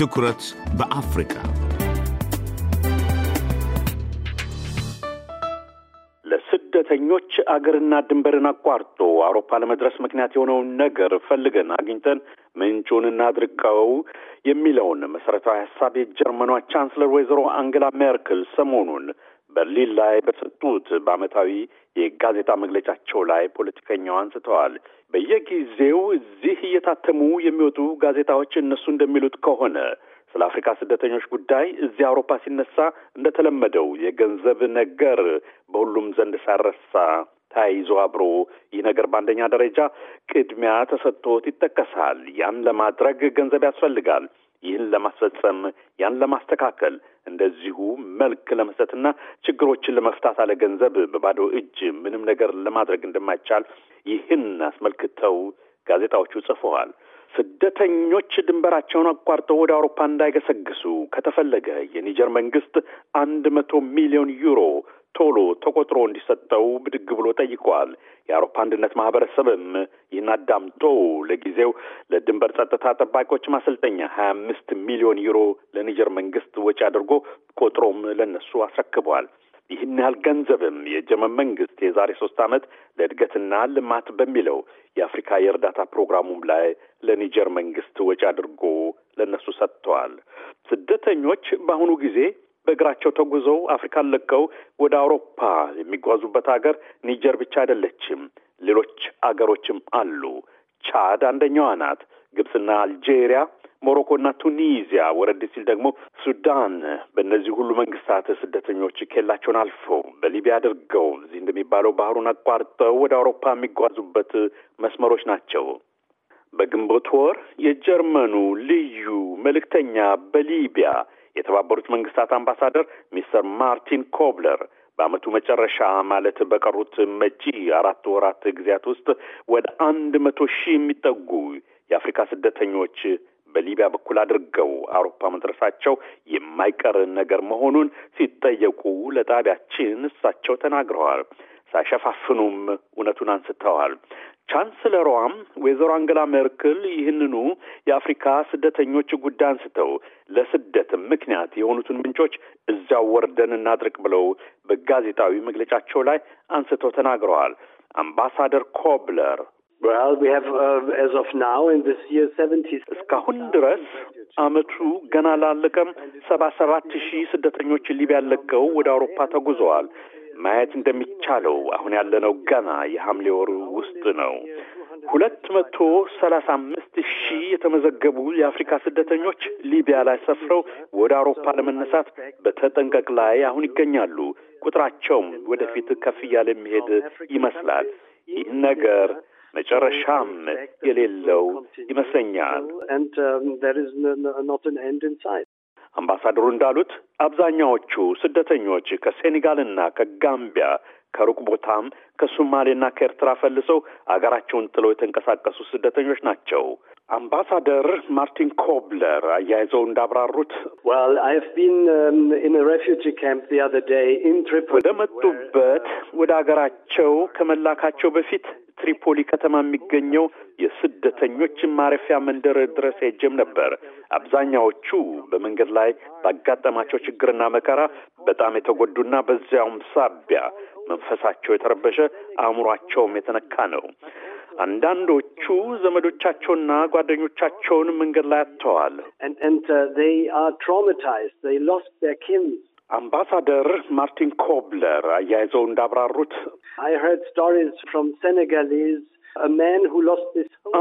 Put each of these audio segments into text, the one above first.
ትኩረት በአፍሪካ ስደተኞች አገርና ድንበርን አቋርጦ አውሮፓ ለመድረስ ምክንያት የሆነውን ነገር ፈልገን አግኝተን ምንጩን እናድርቀው የሚለውን መሰረታዊ ሀሳብ የጀርመኗ ቻንስለር ወይዘሮ አንገላ ሜርክል ሰሞኑን በርሊን ላይ በሰጡት በአመታዊ የጋዜጣ መግለጫቸው ላይ ፖለቲከኛው አንስተዋል። በየጊዜው እዚህ እየታተሙ የሚወጡ ጋዜጣዎች እነሱ እንደሚሉት ከሆነ ስለ አፍሪካ ስደተኞች ጉዳይ እዚህ አውሮፓ ሲነሳ እንደተለመደው የገንዘብ ነገር በሁሉም ዘንድ ሳረሳ ተያይዞ አብሮ ይህ ነገር በአንደኛ ደረጃ ቅድሚያ ተሰጥቶት ይጠቀሳል። ያን ለማድረግ ገንዘብ ያስፈልጋል። ይህን ለማስፈጸም ያን ለማስተካከል እንደዚሁ መልክ ለመስጠትና ችግሮችን ለመፍታት አለ ገንዘብ በባዶ እጅ ምንም ነገር ለማድረግ እንደማይቻል ይህን አስመልክተው ጋዜጣዎቹ ጽፈዋል። ስደተኞች ድንበራቸውን አቋርጠው ወደ አውሮፓ እንዳይገሰግሱ ከተፈለገ የኒጀር መንግስት አንድ መቶ ሚሊዮን ዩሮ ቶሎ ተቆጥሮ እንዲሰጠው ብድግ ብሎ ጠይቋል። የአውሮፓ አንድነት ማህበረሰብም ይህን አዳምጦ ለጊዜው ለድንበር ጸጥታ ጠባቂዎች ማሰልጠኛ ሀያ አምስት ሚሊዮን ዩሮ ለኒጀር መንግስት ወጪ አድርጎ ቆጥሮም ለነሱ አስረክቧል። ይህን ያህል ገንዘብም የጀመን መንግስት የዛሬ ሶስት ዓመት ለእድገትና ልማት በሚለው የአፍሪካ የእርዳታ ፕሮግራሙም ላይ ለኒጀር መንግስት ወጪ አድርጎ ለእነሱ ሰጥተዋል። ስደተኞች በአሁኑ ጊዜ በእግራቸው ተጉዘው አፍሪካን ለቀው ወደ አውሮፓ የሚጓዙበት ሀገር ኒጀር ብቻ አይደለችም። ሌሎች አገሮችም አሉ። ቻድ አንደኛዋ ናት። ግብፅና አልጄሪያ፣ ሞሮኮና ቱኒዚያ፣ ወረድ ሲል ደግሞ ሱዳን። በእነዚህ ሁሉ መንግስታት ስደተኞች ኬላቸውን አልፈው በሊቢያ አድርገው እዚህ እንደሚባለው ባህሩን አቋርጠው ወደ አውሮፓ የሚጓዙበት መስመሮች ናቸው። በግንቦት ወር የጀርመኑ ልዩ መልእክተኛ በሊቢያ የተባበሩት መንግስታት አምባሳደር ሚስተር ማርቲን ኮብለር በአመቱ መጨረሻ ማለት በቀሩት መጪ አራት ወራት ጊዜያት ውስጥ ወደ አንድ መቶ ሺህ የሚጠጉ የአፍሪካ ስደተኞች በሊቢያ በኩል አድርገው አውሮፓ መድረሳቸው የማይቀር ነገር መሆኑን ሲጠየቁ ለጣቢያችን እሳቸው ተናግረዋል። ሳይሸፋፍኑም እውነቱን አንስተዋል። ቻንስለሯም ወይዘሮ አንገላ ሜርክል ይህንኑ የአፍሪካ ስደተኞች ጉዳይ አንስተው ለስደት ምክንያት የሆኑትን ምንጮች እዚያው ወርደን እናድርቅ ብለው በጋዜጣዊ መግለጫቸው ላይ አንስተው ተናግረዋል። አምባሳደር ኮብለር uh, እስካሁን ድረስ አመቱ ገና ላለቀም ሰባ ሰባት ሺህ ስደተኞች ሊቢያ ለቀው ወደ አውሮፓ ተጉዘዋል። ማየት እንደሚቻለው አሁን ያለነው ገና የሐምሌ ወሩ ውስጥ ነው። ሁለት መቶ ሰላሳ አምስት ሺህ የተመዘገቡ የአፍሪካ ስደተኞች ሊቢያ ላይ ሰፍረው ወደ አውሮፓ ለመነሳት በተጠንቀቅ ላይ አሁን ይገኛሉ። ቁጥራቸውም ወደፊት ከፍ እያለ የሚሄድ ይመስላል። ይህ ነገር መጨረሻም የሌለው ይመስለኛል። um, አምባሳደሩ እንዳሉት አብዛኛዎቹ ስደተኞች ከሴኔጋልና ከጋምቢያ ከሩቅ ቦታም ና ከኤርትራ ፈልሰው አገራቸውን ጥለው የተንቀሳቀሱ ስደተኞች ናቸው። አምባሳደር ማርቲን ኮብለር አያይዘው እንዳብራሩት ወደ um, መጡበት ወደ አገራቸው ከመላካቸው በፊት ትሪፖሊ ከተማ የሚገኘው የስደተኞችን ማረፊያ መንደር ድረስ ሄጄም ነበር። አብዛኛዎቹ በመንገድ ላይ ባጋጠማቸው ችግርና መከራ በጣም የተጎዱና በዚያውም ሳቢያ መንፈሳቸው የተረበሸ አእምሯቸውም የተነካ ነው። አንዳንዶቹ ዘመዶቻቸውና ጓደኞቻቸውን መንገድ ላይ አጥተዋል። uh, አምባሳደር ማርቲን ኮብለር አያይዘው እንዳብራሩት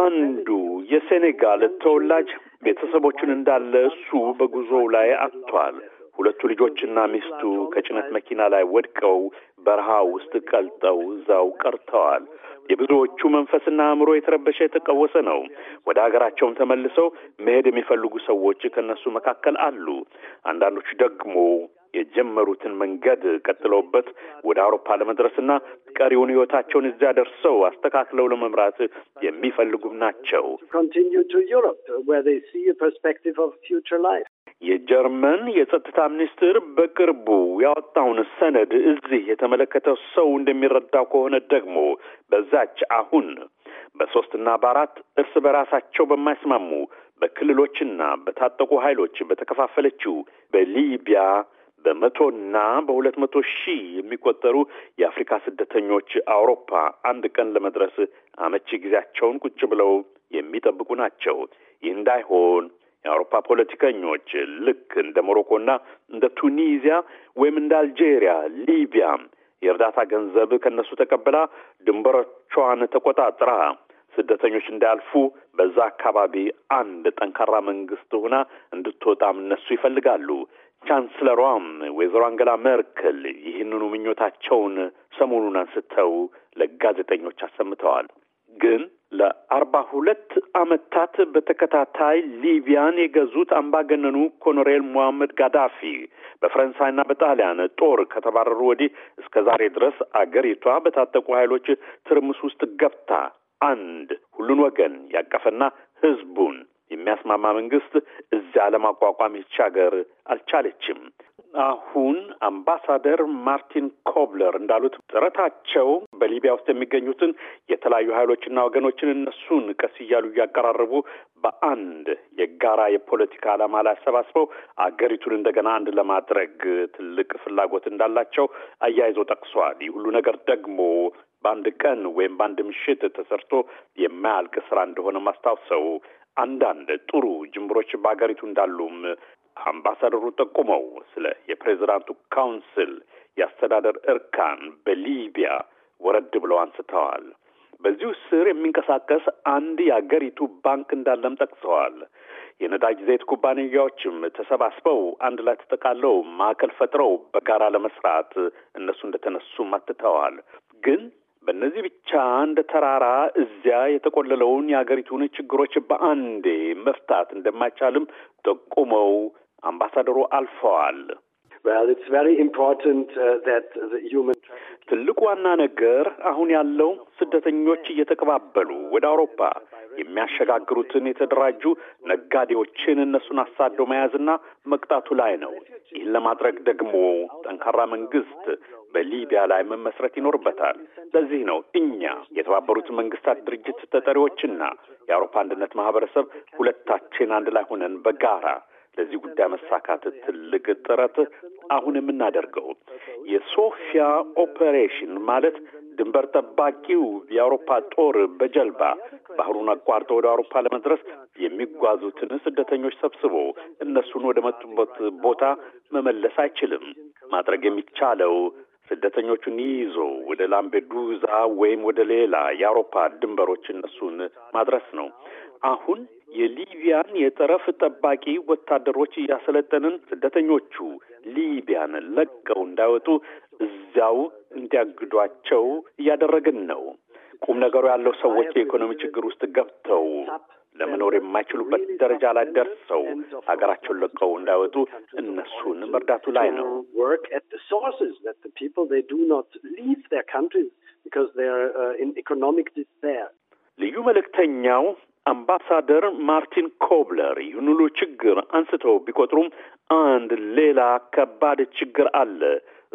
አንዱ የሴኔጋል ተወላጅ ቤተሰቦቹን እንዳለ እሱ በጉዞው ላይ አጥቷል። ሁለቱ ልጆችና ሚስቱ ከጭነት መኪና ላይ ወድቀው በረሃ ውስጥ ቀልጠው እዛው ቀርተዋል። የብዙዎቹ መንፈስና አእምሮ የተረበሸ የተቀወሰ ነው። ወደ ሀገራቸውም ተመልሰው መሄድ የሚፈልጉ ሰዎች ከእነሱ መካከል አሉ። አንዳንዶቹ ደግሞ የጀመሩትን መንገድ ቀጥለውበት ወደ አውሮፓ ለመድረስና ቀሪውን ሕይወታቸውን እዚያ ደርሰው አስተካክለው ለመምራት የሚፈልጉም ናቸው። የጀርመን የጸጥታ ሚኒስትር በቅርቡ ያወጣውን ሰነድ እዚህ የተመለከተ ሰው እንደሚረዳው ከሆነ ደግሞ በዛች አሁን በሶስትና በአራት እርስ በራሳቸው በማይስማሙ በክልሎችና በታጠቁ ኃይሎች በተከፋፈለችው በሊቢያ በመቶና በሁለት መቶ ሺህ የሚቆጠሩ የአፍሪካ ስደተኞች አውሮፓ አንድ ቀን ለመድረስ አመቺ ጊዜያቸውን ቁጭ ብለው የሚጠብቁ ናቸው። ይህ እንዳይሆን የአውሮፓ ፖለቲከኞች ልክ እንደ ሞሮኮና እንደ ቱኒዚያ ወይም እንደ አልጄሪያ፣ ሊቢያ የእርዳታ ገንዘብ ከነሱ ተቀብላ ድንበሮቿን ተቆጣጥራ ስደተኞች እንዳያልፉ በዛ አካባቢ አንድ ጠንካራ መንግስት ሆና እንድትወጣም እነሱ ይፈልጋሉ። ቻንስለሯም ወይዘሮ አንገላ ሜርክል ይህንኑ ምኞታቸውን ሰሞኑን አንስተው ለጋዜጠኞች አሰምተዋል። ግን ለአርባ ሁለት ዓመታት በተከታታይ ሊቢያን የገዙት አምባገነኑ ኮሎኔል ሙሐመድ ጋዳፊ በፈረንሳይና በጣሊያን ጦር ከተባረሩ ወዲህ እስከ ዛሬ ድረስ አገሪቷ በታጠቁ ኃይሎች ትርምስ ውስጥ ገብታ አንድ ሁሉን ወገን ያቀፈና ህዝቡን የሚያስማማ መንግስት እዚያ ለማቋቋም ይቻገር አልቻለችም። አሁን አምባሳደር ማርቲን ኮብለር እንዳሉት ጥረታቸው በሊቢያ ውስጥ የሚገኙትን የተለያዩ ኃይሎችና ወገኖችን እነሱን ቀስ እያሉ እያቀራረቡ በአንድ የጋራ የፖለቲካ ዓላማ ላይ አሰባስበው አገሪቱን እንደገና አንድ ለማድረግ ትልቅ ፍላጎት እንዳላቸው አያይዞ ጠቅሷል። ይህ ሁሉ ነገር ደግሞ በአንድ ቀን ወይም በአንድ ምሽት ተሰርቶ የማያልቅ ስራ እንደሆነ ማስታውሰው አንዳንድ ጥሩ ጅምሮች በሀገሪቱ እንዳሉም አምባሳደሩ ጠቁመው ስለ የፕሬዚዳንቱ ካውንስል የአስተዳደር እርካን በሊቢያ ወረድ ብለው አንስተዋል። በዚሁ ስር የሚንቀሳቀስ አንድ የአገሪቱ ባንክ እንዳለም ጠቅሰዋል። የነዳጅ ዘይት ኩባንያዎችም ተሰባስበው አንድ ላይ ተጠቃለው ማዕከል ፈጥረው በጋራ ለመስራት እነሱ እንደተነሱ አትተዋል። ግን በእነዚህ ብቻ እንደ ተራራ እዚያ የተቆለለውን የአገሪቱን ችግሮች በአንዴ መፍታት እንደማይቻልም ጠቁመው አምባሳደሩ አልፈዋል። uh, ትልቅ ዋና ነገር አሁን ያለው ስደተኞች እየተቀባበሉ ወደ አውሮፓ የሚያሸጋግሩትን የተደራጁ ነጋዴዎችን እነሱን አሳደው መያዝና መቅጣቱ ላይ ነው። ይህን ለማድረግ ደግሞ ጠንካራ መንግስት በሊቢያ ላይ መመስረት ይኖርበታል። ለዚህ ነው እኛ የተባበሩት መንግስታት ድርጅት ተጠሪዎችና የአውሮፓ አንድነት ማህበረሰብ ሁለታችን አንድ ላይ ሆነን በጋራ ለዚህ ጉዳይ መሳካት ትልቅ ጥረት አሁን የምናደርገው የሶፊያ ኦፐሬሽን ማለት ድንበር ጠባቂው የአውሮፓ ጦር በጀልባ ባህሩን አቋርጦ ወደ አውሮፓ ለመድረስ የሚጓዙትን ስደተኞች ሰብስቦ እነሱን ወደ መጡበት ቦታ መመለስ አይችልም። ማድረግ የሚቻለው ስደተኞቹን ይዞ ወደ ላምፔዱዛ ወይም ወደ ሌላ የአውሮፓ ድንበሮች እነሱን ማድረስ ነው። አሁን የሊቢያን የጠረፍ ጠባቂ ወታደሮች እያሰለጠንን ስደተኞቹ ሊቢያን ለቀው እንዳይወጡ እዚያው እንዲያግዷቸው እያደረግን ነው። ቁም ነገሩ ያለው ሰዎች የኢኮኖሚ ችግር ውስጥ ገብተው ለመኖር የማይችሉበት ደረጃ ላይ ደርሰው ሀገራቸውን ለቀው እንዳይወጡ እነሱን መርዳቱ ላይ ነው። ልዩ መልእክተኛው አምባሳደር ማርቲን ኮብለር ይህን ሁሉ ችግር አንስተው ቢቆጥሩም አንድ ሌላ ከባድ ችግር አለ።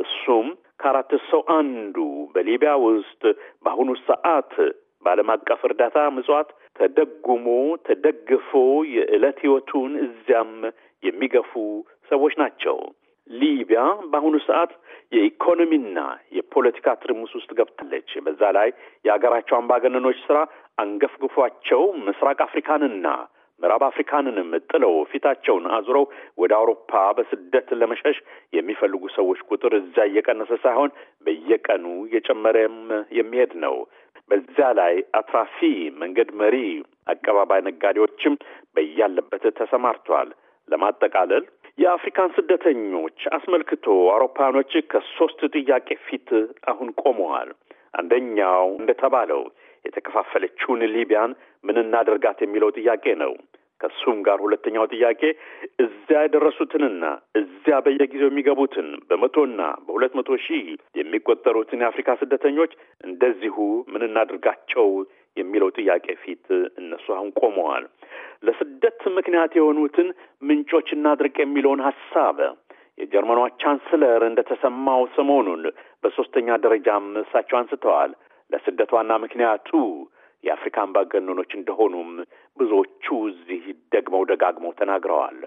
እሱም ከአራት ሰው አንዱ በሊቢያ ውስጥ በአሁኑ ሰዓት በዓለም አቀፍ እርዳታ ምጽዋት ተደጉሞ ተደግፎ የዕለት ሕይወቱን እዚያም የሚገፉ ሰዎች ናቸው። ሊቢያ በአሁኑ ሰዓት የኢኮኖሚና የፖለቲካ ትርምስ ውስጥ ገብታለች። በዛ ላይ የሀገራቸው አምባገነኖች ስራ አንገፍግፏቸው ምስራቅ አፍሪካንና ምዕራብ አፍሪካንንም ጥለው ፊታቸውን አዙረው ወደ አውሮፓ በስደት ለመሸሽ የሚፈልጉ ሰዎች ቁጥር እዛ እየቀነሰ ሳይሆን በየቀኑ እየጨመረም የሚሄድ ነው። በዚያ ላይ አትራፊ መንገድ መሪ አቀባባይ ነጋዴዎችም በያለበት ተሰማርተዋል። ለማጠቃለል የአፍሪካን ስደተኞች አስመልክቶ አውሮፓውያኖች ከሶስት ጥያቄ ፊት አሁን ቆመዋል። አንደኛው እንደተባለው የተከፋፈለችውን ሊቢያን ምን እናደርጋት የሚለው ጥያቄ ነው። ከሱም ጋር ሁለተኛው ጥያቄ እዚያ የደረሱትንና እዚያ በየጊዜው የሚገቡትን በመቶና በሁለት መቶ ሺህ የሚቆጠሩትን የአፍሪካ ስደተኞች እንደዚሁ ምን እናድርጋቸው የሚለው ጥያቄ ፊት እነሱ አሁን ቆመዋል። ለስደት ምክንያት የሆኑትን ምንጮች እናድርቅ የሚለውን ሀሳብ የጀርመኗ ቻንስለር እንደተሰማው ሰሞኑን በሶስተኛ ደረጃም እሳቸው አንስተዋል። ለስደት ዋና ምክንያቱ የአፍሪካ አምባገነኖች እንደሆኑም ብዙዎቹ እዚህ ደግመው ደጋግመው ተናግረዋል።